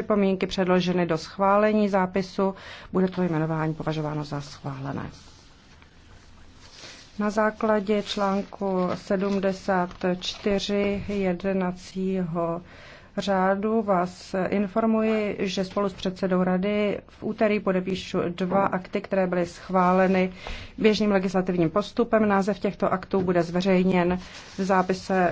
připomínky předloženy do schválení zápisu, bude to jmenování považováno za schválené. Na základě článku 74 jednacího řádu vás informuji, že spolu s předsedou rady v úterý podepíšu dva akty, které byly schváleny běžným legislativním postupem. Název těchto aktů bude zveřejněn v zápise